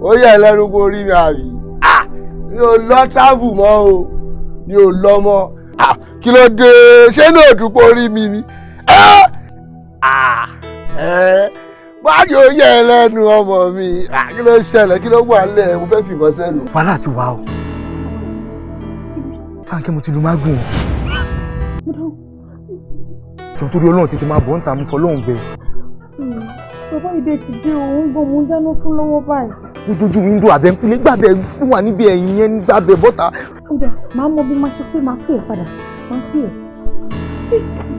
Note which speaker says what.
Speaker 1: ó yẹ lẹ́nu kó rí mi àbí mi ò lọ tábù mọ́ o mi ò lọ mọ́ kí ló dé ṣé ní òdùpọ̀ rí mi ni báyìí ó yẹ lẹ́nu ọmọ mi kí ló ṣẹlẹ̀ kí ló wà lẹ̀ mo fẹ́ fìbọn sẹ́nu. wàhálà ti wà o
Speaker 2: káàkiri mo ti lu mágùn o. jọ̀ọ́ torí ọlọ́run tètè máa bọ̀ ń ta mú fọlọ́run bẹ́ẹ̀.
Speaker 3: bàbá ìdè ti dé òun gan mo ń dáná fún lọ́wọ́ báyìí
Speaker 2: lójoojú windo àbẹ̀ńkúlé gbàbẹ̀ wà níbi ẹ̀yìn yẹn gbàbẹ̀ bọ́ta.
Speaker 4: kódà màá mọ bí màá ṣe ṣe máa pè é padà máa pè é.